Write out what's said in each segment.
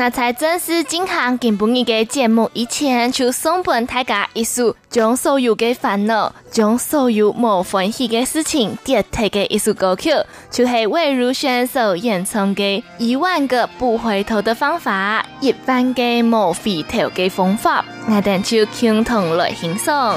那才正是進行緊本一個節目，以前就送本大家一首，將所有的煩惱，將所有沒歡喜的事情，疊起的一首歌曲，就是魏如萱所演唱嘅《一萬個不回頭》的方法，一般嘅莫回頭嘅方法，我哋就共同來欣賞。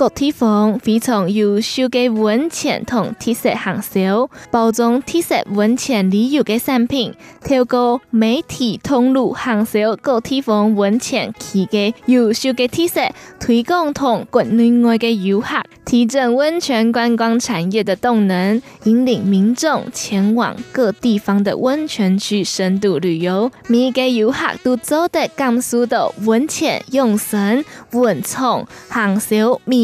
各地方非常優秀的温泉同特色行銷，包裝特色温泉旅遊的產品，透過媒體通路行銷各地方温泉區嘅優秀的特色，推廣同國內外的遊客，提振温泉觀光產業的動能，引領民眾前往各地方的温泉區深度旅遊，每個遊客都走在感受的温泉養生、文創行銷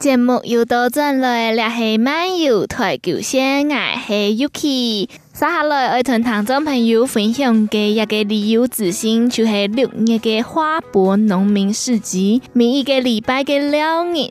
節目又到轉來，勒是漫遊台九線，勒是 Yuki。接下來愛同聽眾朋友分享嘅一個旅遊資訊，就是六月嘅花博農民市集，每一個禮拜嘅六日。